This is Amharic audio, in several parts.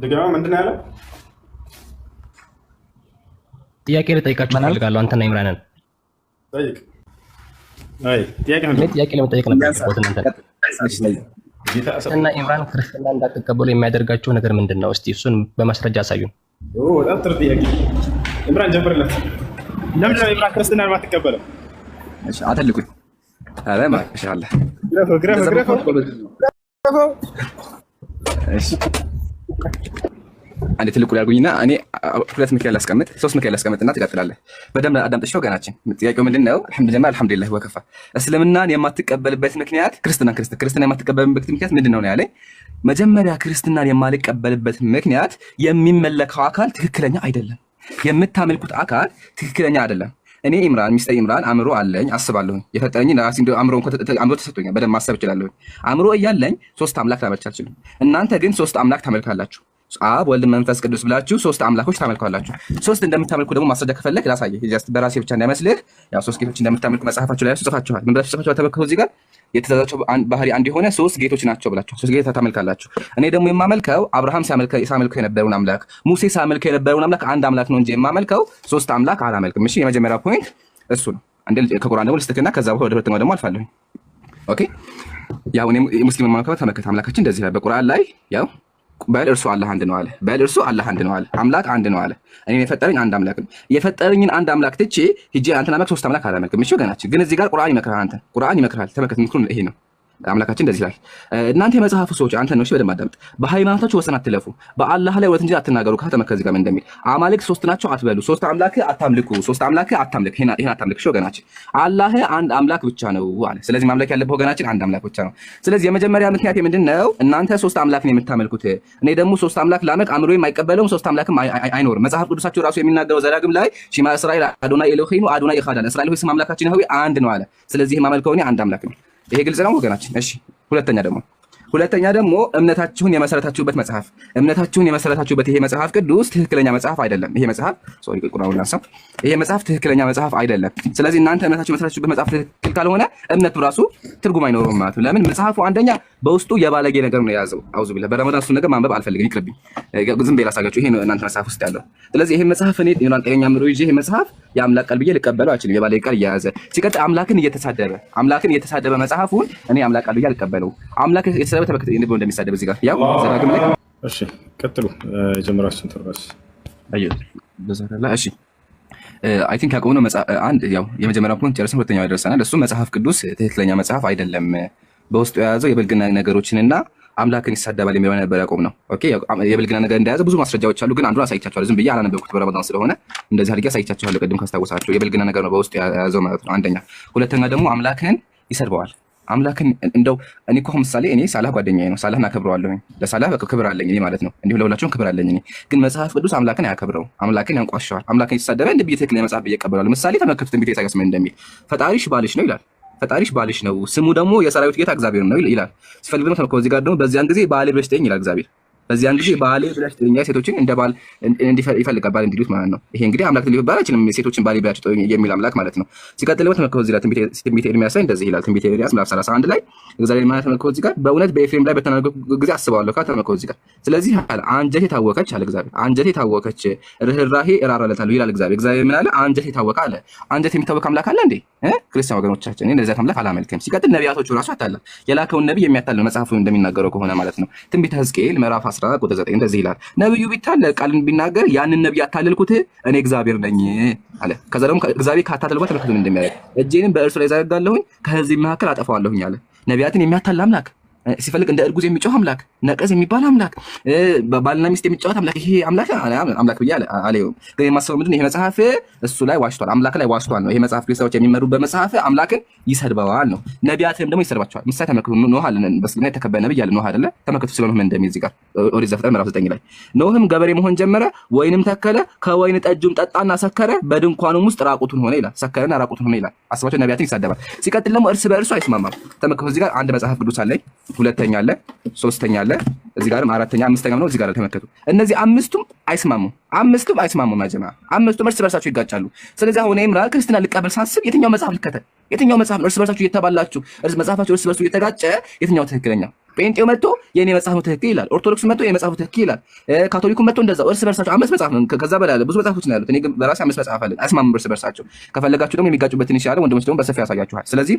ድጋማ ምንድን ነው ያለው? ጥያቄ ልጠይቃችሁ እፈልጋለሁ። አንተና ኢምራንን ጥያቄ ለመጠየቅ ነበር። እና ኢምራን ክርስትና እንዳትቀበሉ የሚያደርጋቸው ነገር ምንድን ነው? እስቲ እሱን በማስረጃ አሳዩን። በጣም ጥሩ ጥያቄ። ኢምራን ጀምርለት። ለምንድን ነው ኢምራን ክርስትና የማትቀበለው? አተልቁኝ ማሻለ አንዴ ትልቁ ያልጉኝና እኔ ሁለት ሚካኤል ላስቀምጥ፣ ሶስት ሚካኤል ላስቀምጥና ትቀጥላለህ። በደንብ አዳምጥሽ ወገናችን። ጥያቄው ምንድን ነው? አልሐምዱሊላህ አልሐምዱሊላህ ወከፋ። እስልምናን የማትቀበልበት ምክንያት ክርስትና ክርስትናን ክርስትና የማትቀበልበት ምክንያት ምንድን ነው ያለኝ መጀመሪያ ክርስትናን የማልቀበልበት ምክንያት የሚመለከው አካል ትክክለኛ አይደለም፣ የምታመልኩት አካል ትክክለኛ አይደለም። እኔ ኢምራን ሚስተር ኢምራን አእምሮ አለኝ አስባለሁኝ። የፈጠረኝ ራሴ አእምሮ ተሰጥቶኛል፣ በደንብ ማሰብ እችላለሁኝ። አእምሮ እያለኝ ሶስት አምላክ ላመልክ አልችልም። እናንተ ግን ሶስት አምላክ ታመልካላችሁ። አብ ወልድ መንፈስ ቅዱስ ብላችሁ ሶስት አምላኮች ታመልከዋላችሁ። ሶስት እንደምታመልኩ ደግሞ ማስረጃ ከፈለግ ላሳየ ላሳየህ፣ በራሴ ብቻ እንዳይመስልህ። ያው ሶስት ጌቶች እንደምታመልኩ መጽሐፋችሁ ላይ ጽፋችኋል። ምን ብላችሁ ጽፋችኋል? ተመልከቱ እዚህ ጋር የተዛዛቸው ባህሪ አንድ የሆነ ሶስት ጌቶች ናቸው ብላችሁ ሶስት ጌታ ታመልካላችሁ። እኔ ደግሞ የማመልከው አብርሃም ሲያመልከው የነበረውን አምላክ፣ ሙሴ ሲያመልከው የነበረውን አምላክ አንድ አምላክ ነው እንጂ የማመልከው ሶስት አምላክ አላመልክም። እሺ የመጀመሪያ ፖይንት እሱ ነው። አንዴ ከቁርአን ደግሞ ልስትክና ከዛ በኋላ ወደ ሁለተኛው ደግሞ አልፋለሁ። ኦኬ ያው ሙስሊም ማመልከት ተመልከት አምላካችን እንደዚህ ላይ በቁርአን ላይ ያው በል እርሱ አላህ አንድ ነው አለ። በል እርሱ አላህ አንድ ነው አለ። አምላክ አንድ ነው አለ። እኔ የፈጠረኝ አንድ አምላክ ነው። የፈጠረኝን አንድ አምላክ ትቼ ሂጄ አንተን አምላክ ሶስት አምላክ አላመልክም። እሺ ወገናችን፣ ግን እዚህ ጋር ቁርአን ይመክራል። አንተ ቁርአን ይመክራል። ተመከት ምክሩን ይሄ ነው። አምላካችን እንደዚህ ይላል፣ እናንተ የመጽሐፉ ሰዎች አንተ ነው። እሺ በደንብ አዳምጥ። በሃይማኖታችሁ ወሰን አትለፉ፣ በአላህ ላይ እውነት እንጂ አትናገሩ። ከተመከዚ ጋር እንደሚል አማልክ ሶስት ናቸው አትበሉ፣ ሶስት አምላክ አታምልኩ፣ ሶስት አምላክ አታምልክ፣ ይህን አታምልክ። እሺ ወገናችን፣ አላህ አንድ አምላክ ብቻ ነው አለ። ስለዚህ ማምለክ ያለበት ወገናችን አንድ አምላክ ብቻ ነው። ስለዚህ የመጀመሪያ ምክንያት ምንድን ነው? እናንተ ሶስት አምላክ ነው የምታመልኩት፣ እኔ ደግሞ ሶስት አምላክ ላመልክ አእምሮዬም አይቀበለውም፣ ሶስት አምላክም አይኖርም። መጽሐፍ ቅዱሳቸው ራሱ የሚናገረው ዘዳግም ላይ ሽማ እስራኤል አዶና ኤሎሄኑ አዶና ኢኻድ እስራኤል ሆይ ስም አምላካችን ያህዌ አንድ ነው አለ። ስለዚህ የማመልከው እኔ አንድ አምላክ ነው ይሄ ግልጽ ነው ወገናችን። እሺ ሁለተኛ ደግሞ ሁለተኛ ደግሞ እምነታችሁን የመሰረታችሁበት መጽሐፍ እምነታችሁን የመሰረታችሁበት ይሄ መጽሐፍ ቅዱስ ትክክለኛ መጽሐፍ አይደለም። ይሄ መጽሐፍ ሶሪ ቁራውላ ሰው ይሄ መጽሐፍ ትክክለኛ መጽሐፍ አይደለም። ስለዚህ እናንተ እምነታችሁ የመሰረታችሁበት መጽሐፍ ትክክል ካልሆነ እምነቱ ራሱ ትርጉም አይኖረውም ማለት ነው። ለምን መጽሐፉ አንደኛ በውስጡ የባለጌ ነገር ነው የያዘው። አውዙ ቢላ በረመዳን እሱን ነገር ማንበብ አልፈልግም፣ ይቅርብኝ። ዝም ብዬ ላሳጋችሁ። ይሄ ነው እናንተ መጽሐፍ ውስጥ ያለው። ስለዚህ ይሄ መጽሐፍ እኔ ዮናን ቀኛ ምሮ ይዤ ይሄ መጽሐፍ የአምላክ ቃል ብዬ ልቀበለው አይችልም። የባለጌ ቃል እየያዘ ሲቀጥ አምላክን እየተሳደበ አምላክን እየተሳደበ መጽሐፉን እኔ የአምላክ ቃል ብዬ አልቀበለው አምላክ ቤተሰብ ተመልከት እንዴት እንደሚሳደብ እዚህ ጋር ያው ዘዳግም ላይ እሺ፣ ቀጥሉ ጀምራችን ተርባስ አዩ በዛ እሺ አይ ቲንክ ያቆሙ ነው አንድ ያው የመጀመሪያው ፖንት ጨርሰን ሁለተኛው ደርሰናል። እሱ መጽሐፍ ቅዱስ ትክክለኛ መጽሐፍ አይደለም፣ በውስጡ የያዘው የብልግና ነገሮችንና አምላክን ይሳደባል የሚለው ነበር ያቆም ነው። ኦኬ የብልግና ነገር እንደያዘ ብዙ ማስረጃዎች አሉ፣ ግን አንዱን አሳይቻቸዋለሁ። ዝም ብዬ አላነበብኩት በረመዳን ስለሆነ እንደዚህ አድርጌ አሳይቻቸዋለሁ። ቅድም ካስታወሳቸው የብልግና ነገር ነው በውስጡ የያዘው ማለት ነው። አንደኛ። ሁለተኛ ደግሞ አምላክን ይሰድበዋል አምላክን እንደው እኔ እኮ ምሳሌ እኔ ሳላህ ጓደኛዬ ነው። ሳላህን አከብረዋለሁኝ። ለሳላህ ክብር አለኝ እኔ ማለት ነው። እንዲሁም ለሁላችሁም ክብር አለኝ እኔ። ግን መጽሐፍ ቅዱስ አምላክን አያከብረው፣ አምላክን ያንቋሸዋል። አምላክን የተሳደበ እንደ ብዬ ትክክለኛ መጽሐፍ ብዬ እቀበላለሁ። ምሳሌ ተመልከቱት ቤት ኢሳያስ ምን እንደሚል ፈጣሪሽ ባልሽ ነው ይላል። ፈጣሪሽ ባልሽ ነው፣ ስሙ ደግሞ የሰራዊት ጌታ እግዚአብሔር ነው ይላል። ሲፈልግ ደግሞ ከዚህ ጋር ደግሞ በዚያን ጊዜ ባሌ በሽተኝ ይላል እግዚአብሔር በዚያን ጊዜ ባሌ ብላችሁ ጥሩኛ ሴቶችን እንደ ባል ይፈልጋል ባል እንዲሉት ማለት ነው። ይሄ እንግዲህ አምላክ ሊሆን ባል አይችልም። ሴቶችን ባሌ ብላችሁ ጥሩ የሚል አምላክ ማለት ነው። ሲቀጥል ተመልከቱ እዚህ ላይ ትንቢተ ኤርሚያስ ላይ እንደዚህ ይላል። ትንቢተ ኤርሚያስ ምዕራፍ 31 ላይ እግዚአብሔር ማለት ተመልከቱ እዚህ ጋር በእውነት በኤፍሬም ላይ በተናገርኩ ጊዜ አስባለሁ ካ ተመልከቱ እዚህ ጋር ስለዚህ አለ አንጀቴ ታወከች አለ እግዚአብሔር። አንጀቴ ታወከች ርኅራሄ እራራለታለሁ ይላል እግዚአብሔር። እግዚአብሔር ምን አለ? አንጀቴ ታወከ አለ። አንጀት የሚታወቅ አምላክ አለ እንዴ? ክርስቲያን ወገኖቻችን እኔ እንደዚህ አምላክ አላመልክም። ሲቀጥል ነቢያቶቹ ራሱ አታለ የላከውን ነቢይ የሚያታለ መጽሐፉ እንደሚናገረው ከሆነ ማለት ነው ትንቢተ ህዝቅኤል ምዕራፍ 10 ቁጥር 9 እንደዚህ ይላል፣ ነብዩ ቢታለል ቃልን ቢናገር ያንን ነብይ አታለልኩት እኔ እግዚአብሔር ነኝ አለ። ከዛ ደግሞ እግዚአብሔር ካታለልባት ተመልከቱ እንደሚያደርግ እጄንም በእርሱ ላይ ዘረጋለሁኝ ከህዝብ መካከል አጠፋዋለሁኝ አለ። ነቢያትን የሚያታል አምላክ ሲፈልግ እንደ እርጉዝ የሚጮህ አምላክ፣ ነቀዝ የሚባል አምላክ፣ ባልና ሚስት የሚጫወት አምላክ። ይሄ አምላክ አምላክ ብዬ አለውም። ግን የማሰበው ምንድን ይሄ መጽሐፍ እሱ ላይ ዋሽቷል፣ አምላክ ላይ ዋሽቷል ነው። ይሄ መጽሐፍ ሰዎች የሚመሩበት መጽሐፍ አምላክን ይሰድበዋል ነው። ነቢያትንም ደግሞ ይሰድባቸዋል። ምሳሌ ተመልከቱ። ኖህ አለ በስና የተከበረ ነብይ አለ ኖህ አይደለ? ተመልከቱ ስለ ኖህ እንደሚል እዚህ ጋር ኦሪት ዘፍጥረት ምዕራፍ ዘጠኝ ላይ ኖህም ገበሬ መሆን ጀመረ፣ ወይንም ተከለ፣ ከወይን ጠጁም ጠጣና ሰከረ፣ በድንኳኑም ውስጥ ራቁቱን ሆነ ይላል። ሰከረና ራቁቱን ሆነ ይላል። አስባቸው፣ ነቢያትን ይሳደባል። ሲቀጥል ደግሞ እርስ በእርሱ አይስማማም። ተመልከቱ እዚህ ጋር አንድ መጽሐፍ ቅዱስ አለኝ ሁለተኛ አለ፣ ሶስተኛ አለ፣ እዚህ ጋርም አራተኛ፣ አምስተኛ ነው። እዚህ ጋር ተመከቱ። እነዚህ አምስቱም አይስማሙም፣ አምስቱም አይስማሙም። ማጀማ አምስቱም እርስ በርሳቸው ይጋጫሉ። ስለዚህ አሁን ይምራ ክርስትና ልቀበል ሳስብ የትኛው መጽሐፍ ልከተል? የትኛው መጽሐፍ ነው እርስ በርሳቸው እየተባላችሁ እርስ መጽሐፋቸው እርስ በርሱ እየተጋጨ የትኛው ትክክለኛ? ጴንጤው መጥቶ የእኔ መጽሐፍ ነው ትክክል ይላል። ኦርቶዶክሱ መጥቶ የእኔ መጽሐፍ ነው ትክክል ይላል። ካቶሊኩ መጥቶ እንደዛ እርስ በርሳቸው አምስት መጽሐፍ ነው። ከዛ በላይ አለ፣ ብዙ መጽሐፎች ነው ያሉት። እኔ ግን በራሴ አምስት መጽሐፍ አለ፣ አይስማሙም እርስ በርሳቸው። ከፈለጋችሁ ደግሞ የሚጋጩበትን ይችላል። ወንድሞች ደግሞ በሰፊ ያሳያችኋል። ስለዚህ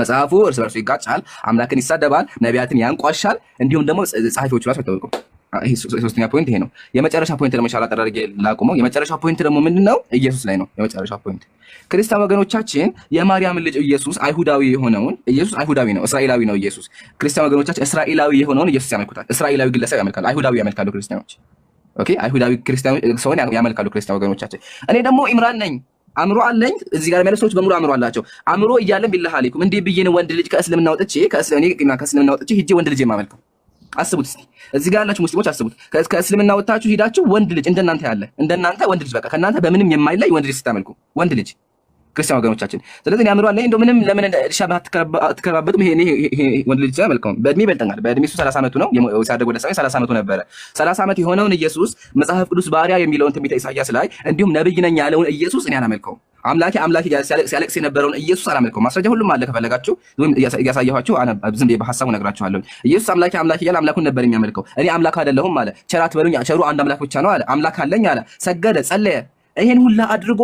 መጽሐፉ እርስ በርሱ ይጋጫል፣ አምላክን ይሳደባል፣ ነቢያትን ያንቋሻል፣ እንዲሁም ደግሞ ጸሐፊዎቹ ራሱ አይታወቁም። ሶስተኛ ፖይንት ይሄ ነው። የመጨረሻ ፖይንት ደግሞ ሻላ ጠራርጌ ላቁመው። የመጨረሻ ፖይንት ደግሞ ምንድን ነው? ኢየሱስ ላይ ነው የመጨረሻ ፖይንት። ክርስቲያን ወገኖቻችን የማርያም ልጅ ኢየሱስ አይሁዳዊ የሆነውን ኢየሱስ አይሁዳዊ ነው፣ እስራኤላዊ ነው ኢየሱስ። ክርስቲያን ወገኖቻችን እስራኤላዊ የሆነውን ኢየሱስ ያመልኩታል። እስራኤላዊ ግለሰብ ያመልካሉ፣ አይሁዳዊ ያመልካሉ ክርስቲያኖች። ኦኬ አይሁዳዊ ክርስቲያኖች ሰውን ያመልካሉ ክርስቲያን ወገኖቻችን። እኔ ደግሞ ኢምራን ነኝ አእምሮ አለኝ። እዚህ ጋር የሚያሉ ሰዎች በሙሉ አእምሮ አላቸው። አእምሮ እያለን ቢላህ አለይኩም እንዴ ብዬ ወንድ ልጅ ከእስልምና ወጥቼ ከእስልምና ወጥቼ ሂጄ ወንድ ልጅ የማመልከው? አስቡት እስቲ። እዚህ ጋር ያላችሁ ሙስሊሞች አስቡት። ከእስልምና ወጥታችሁ ሂዳችሁ ወንድ ልጅ እንደናንተ ያለ እንደናንተ ወንድ ልጅ በቃ ከእናንተ በምንም የማይለይ ወንድ ልጅ ስታመልኩ ወንድ ልጅ ክርስቲያን ወገኖቻችን። ስለዚህ አእምሮ አለ እንደው ምንም ለምን እርሻ አትከባበጡም? ይሄ ወንድ ልጅ መልካም በእድሜ ይበልጠናል። በእድሜ እሱ ሰላሳ ዓመቱ ነው ሲያደግ ወደ ሰማይ ሰላሳ ዓመቱ ነበረ። ሰላሳ ዓመት የሆነውን ኢየሱስ መጽሐፍ ቅዱስ ባሪያ የሚለውን ትንቢተ ኢሳያስ ላይ እንዲሁም ነብይ ነኝ ያለውን ኢየሱስ እኔ አላመልከውም አምላኬ አምላኬ ሲያለቅስ የነበረውን ኢየሱስ አላመልከው። ማስረጃ ሁሉም አለ ከፈለጋችሁ እያሳየኋችሁ ዝም በሀሳቡ ነግራችኋለሁ። ኢየሱስ አምላኬ አምላኬ እያለ አምላኩን ነበር የሚያመልከው። እኔ አምላክ አይደለሁም አለ። ቸር አትበሉኝ፣ ቸሩ አንድ አምላክ ብቻ ነው አለ። አምላክ አለኝ አለ። ሰገደ፣ ጸለየ። ይሄን ሁላ አድርጎ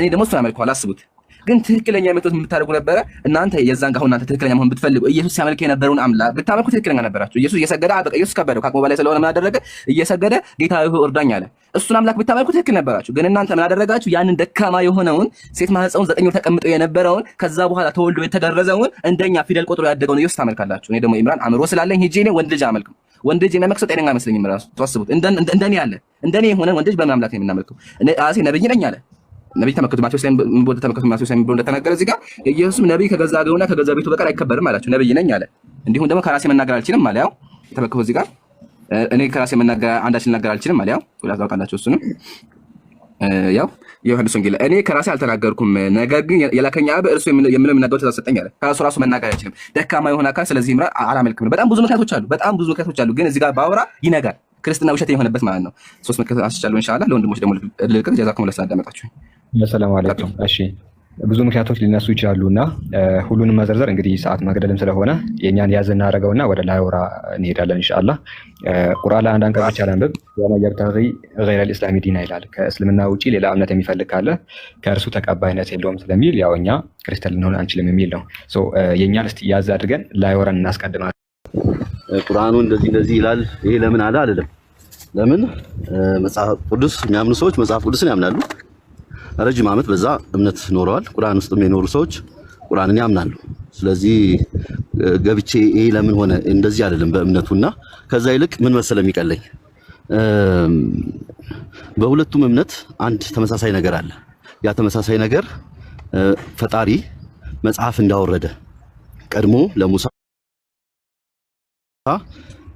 እኔ ደግሞ እሱን አመልከዋል። አስቡት ግን ትክክለኛ የመቶት የምታደርጉ ነበረ እናንተ የዛን አሁን እናንተ ትክክለኛ መሆን ብትፈልጉ ኢየሱስ ሲያመልክ የነበረውን አምላክ ብታመልኩ ትክክለኛ ነበራችሁ። ኢየሱስ እየሰገደ አበቀ። ኢየሱስ ከበደው ከአቅሙ በላይ ስለሆነ ምን አደረገ? እየሰገደ ጌታ ይሁ እርዳኝ አለ። እሱን አምላክ ብታመልኩ ትክክል ነበራችሁ። ግን እናንተ ምን አደረጋችሁ? ያንን ደካማ የሆነውን ሴት ማህፀውን ዘጠኝ ወር ተቀምጦ የነበረውን ከዛ በኋላ ተወልዶ የተገረዘውን እንደኛ ፊደል ቆጥሮ ያደገውን ኢየሱስ ታመልካላችሁ። እኔ ደግሞ ኢምራን አእምሮ ስላለኝ ሄጄ እኔ ወንድ ልጅ አመልክም ወንድ ልጅ የሚያመልክ ሰው ጤነኛ አይመስለኝም። ራሱ ተዋስቡት እንደኔ ያለ እንደኔ የሆነን ወንድ ልጅ በምን አምላክ ነው የምናመልከው? ራሴ ነብይ ነኝ አለ ነቢይ ተመክቱ ማቴዎስ ላይ ወደ ተመክቱ ማቴዎስ ላይ ብሎ እንደተናገረ እዚህ ጋር ኢየሱስም ነቢይ ከገዛ አገሩና ከገዛ ቤቱ በቀር አይከበርም አላቸው። ነቢይ ነኝ አለ። እንዲሁም ደግሞ ከራሴ መናገር አልችልም አለ። ያው ተመክቶ እዚህ ጋር እኔ ከራሴ መናገር አንዳች ልናገር አልችልም አለ። ያው ታውቃላችሁ። እሱንም ያው የዮሐንስ ወንጌል እኔ ከራሴ አልተናገርኩም፣ ነገር ግን የላከኝ አብ እርሱ የምለው የሚናገሩ ትእዛዝ ሰጠኝ አለ። ከራሱ ራሱ መናገር አይችልም፣ ደካማ የሆነ አካል። ስለዚህ ምራ አላመልክም በጣም ብዙ ምክንያቶች አሉ፣ በጣም ብዙ ምክንያቶች አሉ። ግን እዚህ ጋር ባወራ ይነጋል ክርስትና ውሸት የሆነበት ማለት ነው። ሶስት ምክንያት አስቻለሁ። ኢንሻአላህ ለወንድሞች ደግሞ ልልቀቅ። ጀዛኩም ለስላዳመጣችሁኝ ሰላም አለይኩም። እሺ ብዙ ምክንያቶች ሊነሱ ይችላሉ እና ሁሉንም መዘርዘር እንግዲህ ሰዓት መግደልም ስለሆነ የእኛን ያዝ እና ወደ ላይወራ እንሄዳለን እንሻላ ቁርአን ላይ አንድ አንቀጽ ብቻ ላንብብ። ወመን ገይረ ልእስላሚ ዲና ይላል። ከእስልምና ውጪ ሌላ እምነት የሚፈልግ ካለ ከእርሱ ተቀባይነት የለውም ስለሚል ያው እኛ ክርስቲያን ልንሆን አንችልም የሚል ነው። የእኛን እስቲ ያዝ አድርገን ላይወራን እናስቀድማለን። ቁርአኑ እንደዚህ እንደዚህ ይላል ይሄ ለምን አለ አይደለም። ለምን መጽሐፍ ቅዱስ የሚያምኑ ሰዎች መጽሐፍ ቅዱስን ያምናሉ ረጅም ዓመት በዛ እምነት ኖረዋል። ቁርአን ውስጥም የኖሩ ሰዎች ቁርአንን ያምናሉ። ስለዚህ ገብቼ ይሄ ለምን ሆነ እንደዚህ አይደለም በእምነቱና ከዛ ይልቅ ምን መሰለ የሚቀለኝ በሁለቱም እምነት አንድ ተመሳሳይ ነገር አለ። ያ ተመሳሳይ ነገር ፈጣሪ መጽሐፍ እንዳወረደ ቀድሞ ለሙሳ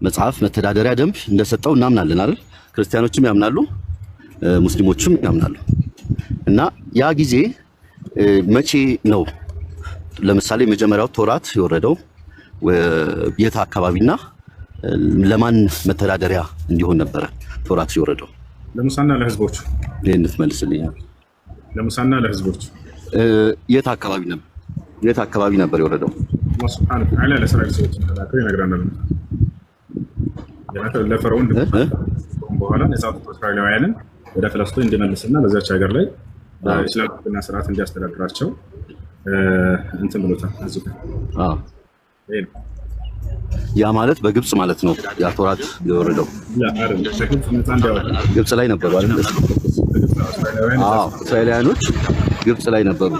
መጽሐፍ መተዳደሪያ ደንብ እንደሰጠው እናምናለን አይደል? ክርስቲያኖችም ያምናሉ፣ ሙስሊሞችም ያምናሉ። እና ያ ጊዜ መቼ ነው? ለምሳሌ መጀመሪያው ቶራት የወረደው የት አካባቢና ለማን መተዳደሪያ እንዲሆን ነበረ ቶራት የወረደው? ለሙሳና ለህዝቦች። ይህን ትመልስልኝ። ለሙሳና ለህዝቦች የት አካባቢ ነበር? የት አካባቢ ነበር የወረደው? ለእስራኤል ሰዎች ለፈርዖን በኋላ ነጻ እስራኤላውያንን ወደ ፍለስጤን እንዲመልስና በዚያች ሀገር ላይ እስላም ሕግና ስርዓት እንዲያስተዳድራቸው እንትን ብሎታል። ያ ማለት በግብፅ ማለት ነው። ያ ቶራት የወረደው ግብፅ ላይ ነበሩ አይደል? እስራኤላውያኖች ግብፅ ላይ ነበሩ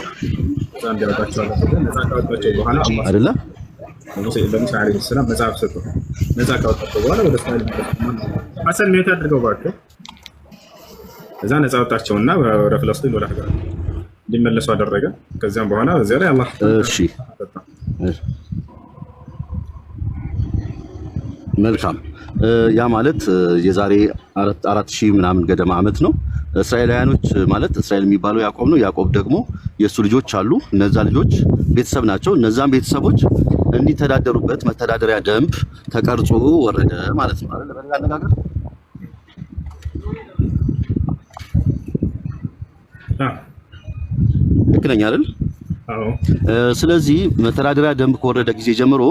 አይደለ? በሙሳ መጽሐፍ ሰጥቶ ነጻ ካወጣቸው በኋላ ወደ እስራኤል ሐሰን ነው የታደገው ባቸው እዛ ነፃ ወጣቸውና በፍለስጢን ወደ ሀገር እንዲመለሱ አደረገ። ከዚያም በኋላ እዚያ ላይ አላህ መልካም ያ ማለት የዛሬ አራት ሺህ ምናምን ገደማ ዓመት ነው። እስራኤላውያኖች ማለት እስራኤል የሚባለው ያዕቆብ ነው። ያዕቆብ ደግሞ የእሱ ልጆች አሉ። እነዛ ልጆች ቤተሰብ ናቸው። እነዛም ቤተሰቦች እንዲተዳደሩበት መተዳደሪያ ደንብ ተቀርጾ ወረደ ማለት ነው። ልክ ነኝ አይደል? ስለዚህ መተዳደሪያ ደንብ ከወረደ ጊዜ ጀምሮ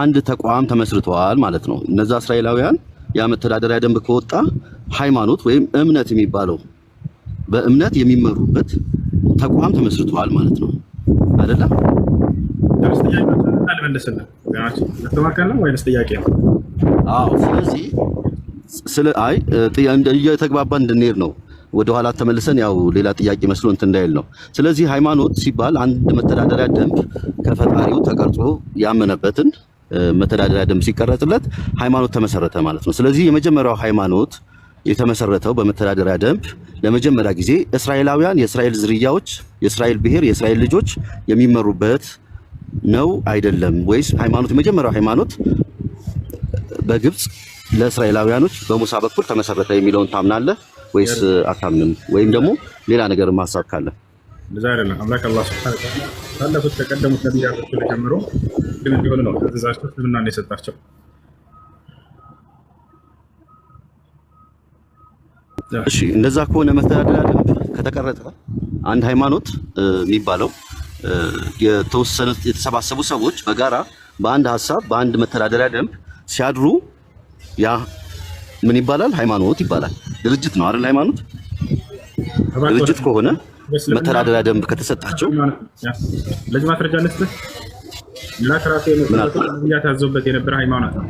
አንድ ተቋም ተመስርተዋል ማለት ነው። እነዛ እስራኤላውያን ያ መተዳደሪያ ደንብ ከወጣ ሃይማኖት ወይም እምነት የሚባለው በእምነት የሚመሩበት ተቋም ተመስርተዋል ማለት ነው አይደለ? ስለዚህ ስለ አይ እየተግባባ እንድንሄድ ነው ወደ ኋላ ተመልሰን ያው ሌላ ጥያቄ መስሎ እንትን እንዳይል ነው። ስለዚህ ሃይማኖት ሲባል አንድ መተዳደሪያ ደንብ ከፈጣሪው ተቀርጾ ያመነበትን መተዳደሪያ ደንብ ሲቀረጽለት ሃይማኖት ተመሰረተ ማለት ነው። ስለዚህ የመጀመሪያው ሃይማኖት የተመሰረተው በመተዳደሪያ ደንብ ለመጀመሪያ ጊዜ እስራኤላውያን፣ የእስራኤል ዝርያዎች፣ የእስራኤል ብሔር፣ የእስራኤል ልጆች የሚመሩበት ነው አይደለም ወይስ ሃይማኖት የመጀመሪያው ሃይማኖት በግብፅ ለእስራኤላውያኖች በሙሳ በኩል ተመሰረተ የሚለውን ታምናለህ? ወይስ አታምንም? ወይም ደግሞ ሌላ ነገር ማሳብ ካለ እንደዛ አይደለም። አምላክ አላህ ሱብሓነሁ ወተዓላ ባለፉት ተቀደሙት ነቢያቶች ጀምሮ ግን ቢሆን ነው ትእዛዛቸው እስልምና ነው የሰጣቸው። እሺ እንደዛ ከሆነ መተዳደሪያ ደንብ ከተቀረጠ አንድ ሃይማኖት የሚባለው የተወሰኑት የተሰባሰቡ ሰዎች በጋራ በአንድ ሀሳብ በአንድ መተዳደሪያ ደንብ ሲያድሩ ያ ምን ይባላል? ሃይማኖት ይባላል። ድርጅት ነው አይደል? ሃይማኖት ድርጅት ከሆነ መተዳደሪያ ደንብ ከተሰጣቸው ለዚህ ማስረጃ ልስጥህ። ምላክ ራሱ ታዘውበት የነበረ ሃይማኖት ነው።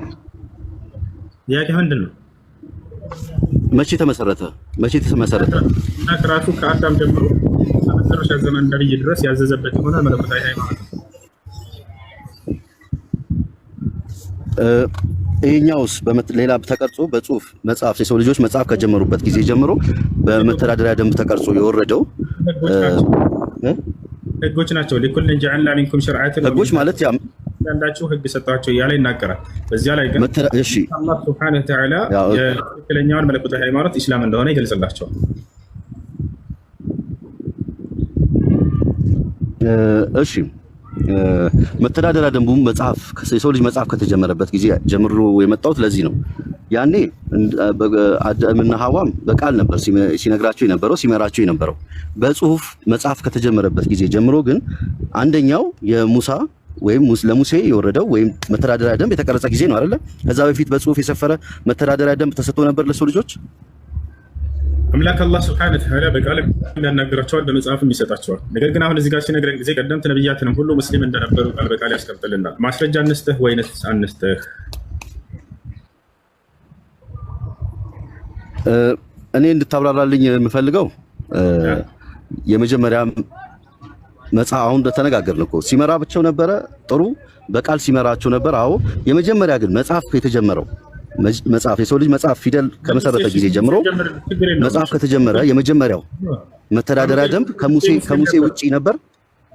ጥያቄ ምንድን ነው? መቼ ተመሰረተ? መቼ ተመሰረተ? ምላክ ራሱ ከአዳም ጀምሮ መጨረሻ ዘመን ነብይ ድረስ ያዘዘበት የሆነ መለኮታዊ ሃይማኖት ነው። ይህኛውስ ሌላ ተቀርጾ በጽሁፍ መጽሐፍ የሰው ልጆች መጽሐፍ ከጀመሩበት ጊዜ ጀምሮ በመተዳደሪያ ደንብ ተቀርጾ የወረደው ህጎች ናቸው። ሊኩል ጀዐልና ሚንኩም ሸርዓተን ህጎች ማለት ያ እንዳንዳችሁ ህግ ሰጣቸው እያለ ይናገራል። በዚያ ላይ ግን አላህ ሱብሓነሁ ወተዓላ የትክክለኛውን መለኮታዊ ሃይማኖት ኢስላም እንደሆነ ይገልጽላቸዋል። እሺ መተዳደሪያ ደንቡም መጽሐፍ የሰው ልጅ መጽሐፍ ከተጀመረበት ጊዜ ጀምሮ የመጣሁት ለዚህ ነው። ያኔ አዳምና ሐዋም በቃል ነበር ሲነግራቸው የነበረው ሲመራቸው የነበረው። በጽሁፍ መጽሐፍ ከተጀመረበት ጊዜ ጀምሮ ግን አንደኛው የሙሳ ወይም ለሙሴ የወረደው ወይም መተዳደሪያ ደንብ የተቀረጸ ጊዜ ነው አይደለ? ከዛ በፊት በጽሁፍ የሰፈረ መተዳደሪያ ደንብ ተሰጥቶ ነበር ለሰው ልጆች አምላክ አላህ ስብሐነሁ ወተዓላ በቃል ያናገራቸዋል፣ በመጽሐፍም ይሰጣቸዋል። ነገር ግን አሁን እዚህ ጋር ሲነግረን ጊዜ ቀደምት ነብያትንም ሁሉ ሙስሊም እንደነበሩ ቃል በቃል ያስቀምጥልናል። ማስረጃ አንስተህ ወይንስ አንስተህ? እኔ እንድታብራራልኝ የምፈልገው የመጀመሪያ መጽሐፍ አሁን እንደተነጋገርን እኮ ሲመራቸው ነበረ፣ ጥሩ በቃል ሲመራቸው ነበር። አዎ የመጀመሪያ ግን መጽሐፍ የተጀመረው መጽሐፍ የሰው ልጅ መጽሐፍ ፊደል ከመሰረተ ጊዜ ጀምሮ መጽሐፍ ከተጀመረ የመጀመሪያው መተዳደሪያ ደንብ ከሙሴ ከሙሴ ውጪ ነበር።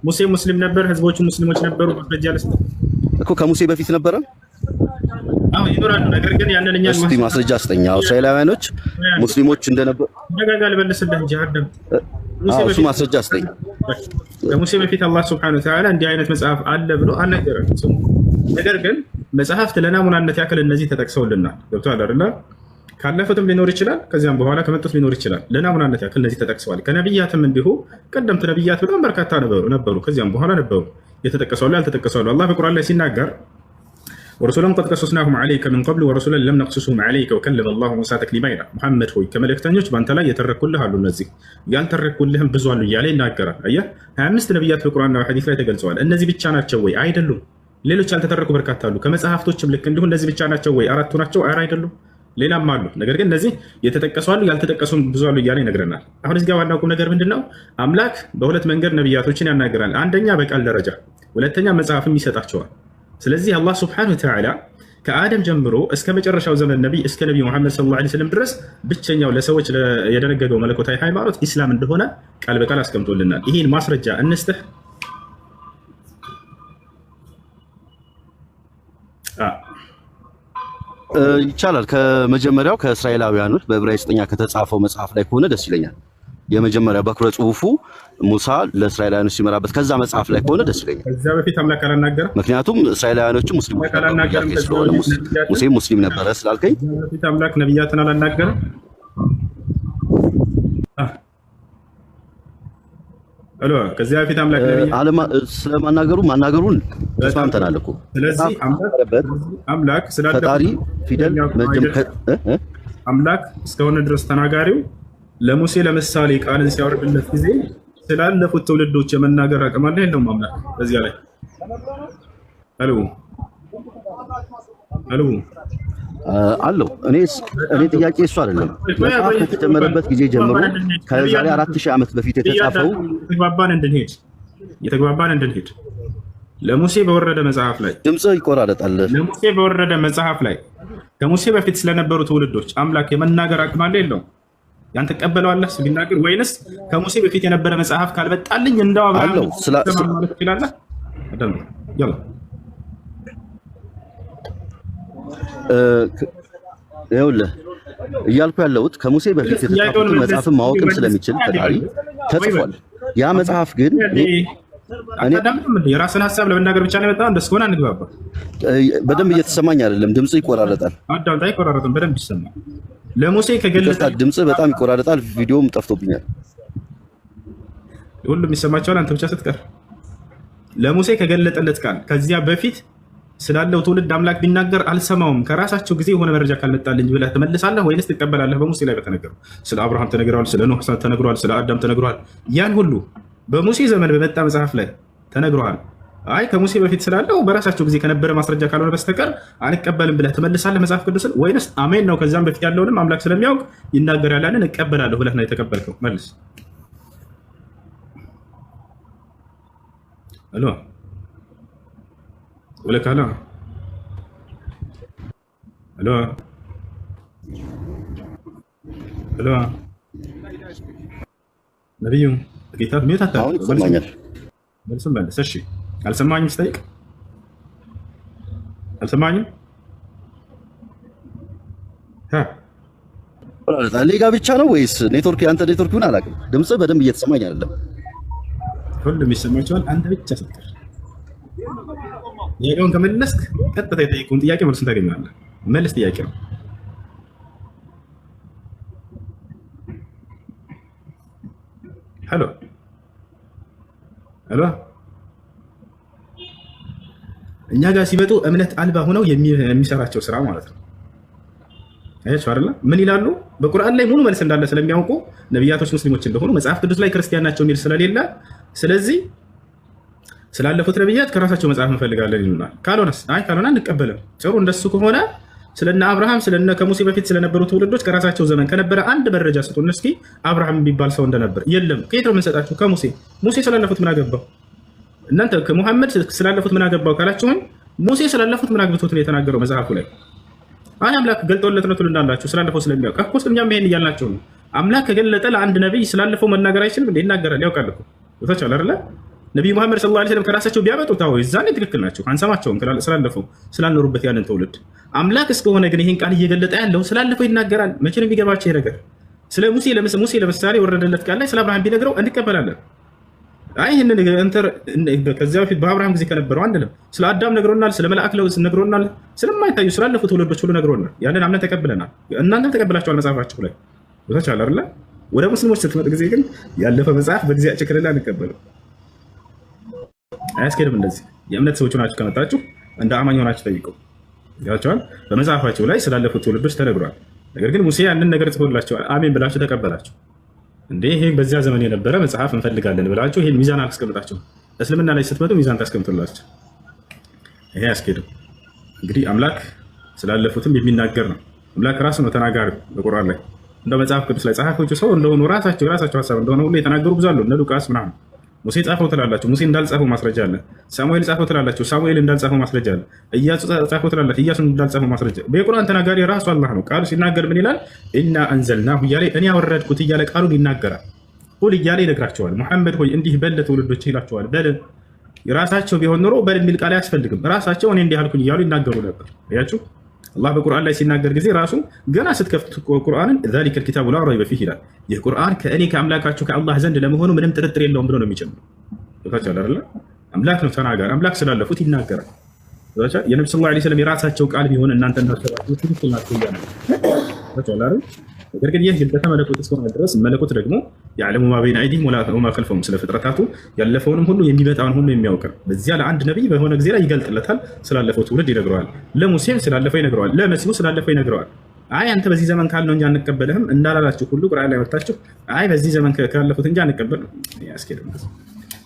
ሙሴ ሙስሊም ነበር። ህዝቦቹ ሙስሊሞች ነበሩ። ማስረጃ እኮ ከሙሴ በፊት ነበረ። አዎ ይኖራሉ። ነገር ግን ያንን እኛ እስቲ ማስረጃ አስጠኛ። እስራኤላውያኖች ሙስሊሞች እንደነበሩ ደጋጋል በልስልህ እንጂ አደም እሱ ማስረጃ ስጠኝ። ከሙሴ በፊት አላህ ሱብሓነሁ ወተዓላ እንዲህ አይነት መጽሐፍ አለ ብሎ አልነገረም። ነገር ግን መጽሐፍት ለናሙናነት ያክል እነዚህ ተጠቅሰውልናል። ገብቶሃል አይደለ? ካለፉትም ሊኖር ይችላል፣ ከዚያም በኋላ ከመጡት ሊኖር ይችላል። ለናሙናነት ያክል እነዚህ ተጠቅሰዋል። ከነቢያትም እንዲሁ ቀደምት ነቢያት በጣም በርካታ ነበሩ፣ ከዚያም በኋላ ነበሩ። የተጠቀሰዋሉ ያልተጠቀሰዋሉ። አላህ በቁርአን ላይ ሲናገር ወረሱለን ቀድ ቀሱስናሁም ዓለይከ ምን ቀብሉ ወረሱለን ለም ነቅሱሱም ዓለይከ ወከለመ አላሁ ሙሳ ተክሊማ ይላል። ሙሐመድ ሆይ ከመልእክተኞች በአንተ ላይ የተረኩልህ አሉ፣ እነዚህ ያልተረኩልህም ብዙ አሉ እያለ ይናገራል። አየህ፣ 25 ነቢያት በቁርአንና ሐዲስ ላይ ተገልጸዋል። እነዚህ ብቻ ናቸው ወይ? አይደሉም። ሌሎች ያልተተረኩ በርካታ አሉ። ከመጽሐፍቶችም ልክ እንዲሁ እነዚህ ብቻ ናቸው ወይ አራቱ ናቸው? አያር አይደሉም፣ ሌላም አሉ። ነገር ግን እነዚህ የተጠቀሱ አሉ፣ ያልተጠቀሱም ብዙ አሉ እያለ ይነግረናል። አሁን እዚጋ ዋና ቁም ነገር ምንድን ነው? አምላክ በሁለት መንገድ ነቢያቶችን ያናገራል። አንደኛ በቃል ደረጃ፣ ሁለተኛ መጽሐፍም ይሰጣቸዋል። ስለዚህ አላህ ስብሐነሁ ወተዓላ ከአደም ጀምሮ እስከ መጨረሻው ዘመን ነቢይ እስከ ነቢ ሙሐመድ ሰለላሁ ዐለይሂ ወሰለም ድረስ ብቸኛው ለሰዎች የደነገገው መለኮታዊ ሃይማኖት ኢስላም እንደሆነ ቃል በቃል አስቀምጦልናል። ይህን ማስረጃ እንስጥህ ይቻላል። ከመጀመሪያው ከእስራኤላውያኖች በዕብራይስጥኛ ከተጻፈው መጽሐፍ ላይ ከሆነ ደስ ይለኛል። የመጀመሪያው በኩረ ጽሑፉ ሙሳ ለእስራኤላውያኖች ሲመራበት ከዛ መጽሐፍ ላይ ከሆነ ደስ ይለኛል። ከዛ በፊት አምላክ አላናገረም። ምክንያቱም እስራኤላውያኖቹ ሙስሊሞች ስለሆነ ሙስሊም ነበረ ስላልከኝ አምላክ ነቢያትን አላናገረም አሎ ከዚህ በፊት አምላክ ነብይ ስለማናገሩ ማናገሩን ተስማምተናል እኮ። ስለዚህ አምላክ ፈጣሪ ፊደል አምላክ እስከሆነ ድረስ ተናጋሪው ለሙሴ ለምሳሌ ቃልን ሲያወርድለት ጊዜ ስላለፉት ትውልዶች የመናገር አቅም አለ የለውም? አምላክ በዚያ ላይ አሎ አሎ አለው እኔ ጥያቄ እሱ አይደለም። መጽሐፍ ከተጨመረበት ጊዜ ጀምሮ ከዛሬ አራት ሺህ ዓመት በፊት የተጻፈው የተግባባን እንድንሄድ የተግባባን እንድንሄድ ለሙሴ በወረደ መጽሐፍ ላይ ድምፅ ይቆራረጣል። ለሙሴ በወረደ መጽሐፍ ላይ ከሙሴ በፊት ስለነበሩ ትውልዶች አምላክ የመናገር አቅም አለ የለውም? ያን ተቀበለዋለህ ስቢናገር ወይንስ ከሙሴ በፊት የነበረ መጽሐፍ ካልበጣልኝ እንደው አብርሃም ማለት ትችላለህ? ይኸውልህ እያልኩ ያለሁት ከሙሴ በፊት የተጻፉትን መጽሐፍን ማወቅም ስለሚችል ፈጣሪ ተጽፏል። ያ መጽሐፍ ግን የራስን ሀሳብ ለመናገር ብቻ ነው የመጣው። እንደሱ ከሆነ አንግባባ። በደንብ እየተሰማኝ አይደለም፣ ድምፅ ይቆራረጣል። አዳምጥ፣ አይቆራረጥም፣ በደንብ ይሰማል። ለሙሴ ከገለጠ ድምፅ በጣም ይቆራረጣል። ቪዲዮም ጠፍቶብኛል። ሁሉም ይሰማቸዋል፣ አንተ ብቻ ስትቀር። ለሙሴ ከገለጠለት ቃል ከዚያ በፊት ስላለው ትውልድ አምላክ ቢናገር አልሰማውም ከራሳቸው ጊዜ የሆነ መረጃ ካልመጣልኝ ብለህ ትመልሳለህ ወይንስ ትቀበላለህ? በሙሴ ላይ በተነገሩ ስለ አብርሃም ተነግረዋል፣ ስለ ኖህ ተነግረዋል፣ ስለ አዳም ተነግረዋል። ያን ሁሉ በሙሴ ዘመን በመጣ መጽሐፍ ላይ ተነግረዋል። አይ ከሙሴ በፊት ስላለው በራሳቸው ጊዜ ከነበረ ማስረጃ ካልሆነ በስተቀር አልቀበልም ብለህ ትመልሳለህ መጽሐፍ ቅዱስን ወይንስ አሜን ነው ከዛም በፊት ያለውንም አምላክ ስለሚያውቅ ይናገር ያለንን እቀበላለሁ ብለህ ነው የተቀበልከው? መልስ بقول لك الو الو الو نبيو الكتاب ميت حتى هقول لك سمعني هل سشي هل سمعني مستيق هل سمعني ها እኔ ጋ ብቻ ነው ወይስ ኔትወርክ የአንተ ኔትወርክ ምን አላውቅም ድምፅህ በደንብ እየተሰማኝ አይደለም ሁሉም ይሰማቸዋል አንተ ብቻ ስትቀር ጥያቄውን ከመለስክ ቀጥታ የጠየቀውን ጥያቄ መልሱን ታገኛለህ። መልስ ጥያቄ ነው። ሄሎ ሄሎ እኛ ጋር ሲመጡ እምነት አልባ ሆነው የሚሰራቸው ስራ ማለት ነው። አያችሁ አይደለ? ምን ይላሉ? በቁርአን ላይ ሙሉ መልስ እንዳለ ስለሚያውቁ ነቢያቶች ሙስሊሞች እንደሆኑ መጽሐፍ ቅዱስ ላይ ክርስቲያን ናቸው የሚል ስለሌለ ስለዚህ ስላለፉት ነብያት ከራሳቸው መጽሐፍ እንፈልጋለን ይሉናል። ካልሆነስ አይ ካልሆነ አንቀበልም። ጥሩ እንደሱ ከሆነ ስለነ አብርሃም ስለነ ከሙሴ በፊት ስለነበሩ ትውልዶች ከራሳቸው ዘመን ከነበረ አንድ መረጃ ስጡን እስኪ። አብርሃም የሚባል ሰው እንደነበር የለም። ከየት ነው የምንሰጣችሁ? ከሙሴ ሙሴ ስላለፉት ምን አገባው? እናንተ ከሙሐመድ ስላለፉት ምን አገባው ካላችሁም ሙሴ ስላለፉት ምን አግብቶት ነው የተናገረው መጽሐፉ ላይ? አይ አምላክ ገልጦለት ነው ትሉናላችሁ። ስላለፈው ስለሚያውቅ እኮ እኛም ይሄን እያልናቸው ነው። አምላክ ከገለጠ ለአንድ ነቢይ ስላለፈው መናገር አይችልም? እንደ ይናገራል፣ ያውቃል እኮ ነቢዩ መሐመድ ሰለላሁ ዐለይሂ ወሰለም ከራሳቸው ቢያመጡ ታው እዛኔ ትክክል ናቸው፣ አንሰማቸውም ስላለፈው ስላልኖሩበት ያንን ትውልድ። አምላክ እስከሆነ ግን ይህን ቃል እየገለጠ ያለው ስላለፈው ይናገራል። መቼ ነው የሚገባቸው ይህ ነገር? ስለ ሙሴ ሙሴ ለምሳሌ ወረደለት ቃል ላይ ስለ አብርሃም ቢነግረው እንቀበላለን። አይ ይህንን ከዚያ በፊት በአብርሃም ጊዜ ከነበረው አንልም። ስለ አዳም ነግሮናል፣ ስለ መላእክ ለውስ ነግሮናል፣ ስለማይታዩ ስላለፉ ትውልዶች ሁሉ ነግሮናል። ያንን አምነን ተቀብለናል። እናንተም ተቀብላችኋል መጽሐፋችሁ ላይ ቦታች አለ። ወደ ሙስሊሞች ስትመጥ ጊዜ ግን ያለፈ መጽሐፍ በጊዜያቸው ክልል አንቀበልም። አያስኬድም። እንደዚህ የእምነት ሰዎች ሆናችሁ ከመጣችሁ እንደ አማኝ ሆናችሁ ጠይቀው ይላቸዋል። በመጽሐፋቸው ላይ ስላለፉት ትውልዶች ተነግሯል። ነገር ግን ሙሴ ያንን ነገር ጽፎላቸዋል። አሜን ብላችሁ ተቀበላችሁ። እንዴ ይሄ በዚያ ዘመን የነበረ መጽሐፍ እንፈልጋለን ብላችሁ ይሄን ሚዛን አላስቀምጣችሁ። እስልምና ላይ ስትመጡ ሚዛን ታስቀምጡላችሁ። ይሄ አያስኬድም። እንግዲህ አምላክ ስላለፉትም የሚናገር ነው። አምላክ ራሱ ነው ተናጋሪ በቁርአን ላይ እንደ መጽሐፍ ቅዱስ ላይ ጸሐፊዎቹ ሰው እንደሆኑ ራሳቸው የራሳቸው ሀሳብ እንደሆነ ሁሉ የተናገሩ ብዙ አሉ። እነ ሉቃስ ምናምን ሙሴ ጻፈው ትላላችሁ፣ ሙሴ እንዳልጻፈው ማስረጃ አለ። ሳሙኤል ጻፈው ትላላችሁ፣ ሳሙኤል እንዳልጻፈው ማስረጃ አለ። እያሱ ጻፈው ትላላችሁ፣ እያሱ እንዳልጻፈው ማስረጃ። በቁርአን ተናጋሪ ራሱ አላህ ነው። ቃሉ ሲናገር ምን ይላል? ኢና አንዘልናሁ እያለ እኔ ያወረድኩት እያለ ቃሉን ይናገራል። ቁል እያለ ይነግራቸዋል። ሙሐመድ ሆይ እንዲህ በል ለትውልዶች ይላቸዋል። በል ራሳቸው ቢሆን ኖሮ በል የሚል ቃል አያስፈልግም። ራሳቸው እኔ እንዲህ አልኩኝ እያሉ ይናገሩ ነበር። አያችሁ አላህ በቁርአን ላይ ሲናገር ጊዜ ራሱ ገና ስትከፍት ቁርአንን ዛሊከ ልኪታቡ ላ ረይበ ፊህ ይላል። ይህ ቁርአን ከእኔ ከአምላካችሁ ከአላህ ዘንድ ለመሆኑ ምንም ጥርጥር የለውም ብሎ ነው የሚጀምረው። አምላክ ነው ተናጋሪ፣ አምላክ ስላለፉት ይናገራል። የነቢ ስ ላ ስለም የራሳቸው ቃል ቢሆን እናንተ እንዳሰባችሁ ትክክል ናቸው እያለ ነገር ግን ይህ መለኮት እስከሆነ ድረስ መለኮት ደግሞ የዓለሙ ማቤን አይዲም ወማ ከልፈውም ስለ ፍጥረታቱ ያለፈውንም ሁሉ የሚመጣውን ሁሉ የሚያውቅ ነው። በዚያ ለአንድ ነቢይ በሆነ ጊዜ ላይ ይገልጥለታል። ስላለፈው ትውልድ ይነግረዋል። ለሙሴም ስላለፈው ይነግረዋል። ለመሲሁ ስላለፈው ይነግረዋል። አይ አንተ በዚህ ዘመን ካል ነው እንጂ አንቀበልህም እንዳላላችሁ ሁሉ ቁርአን ላይ መታችሁ አይ በዚህ ዘመን ካለፉት እንጂ አንቀበልም ያስኬድ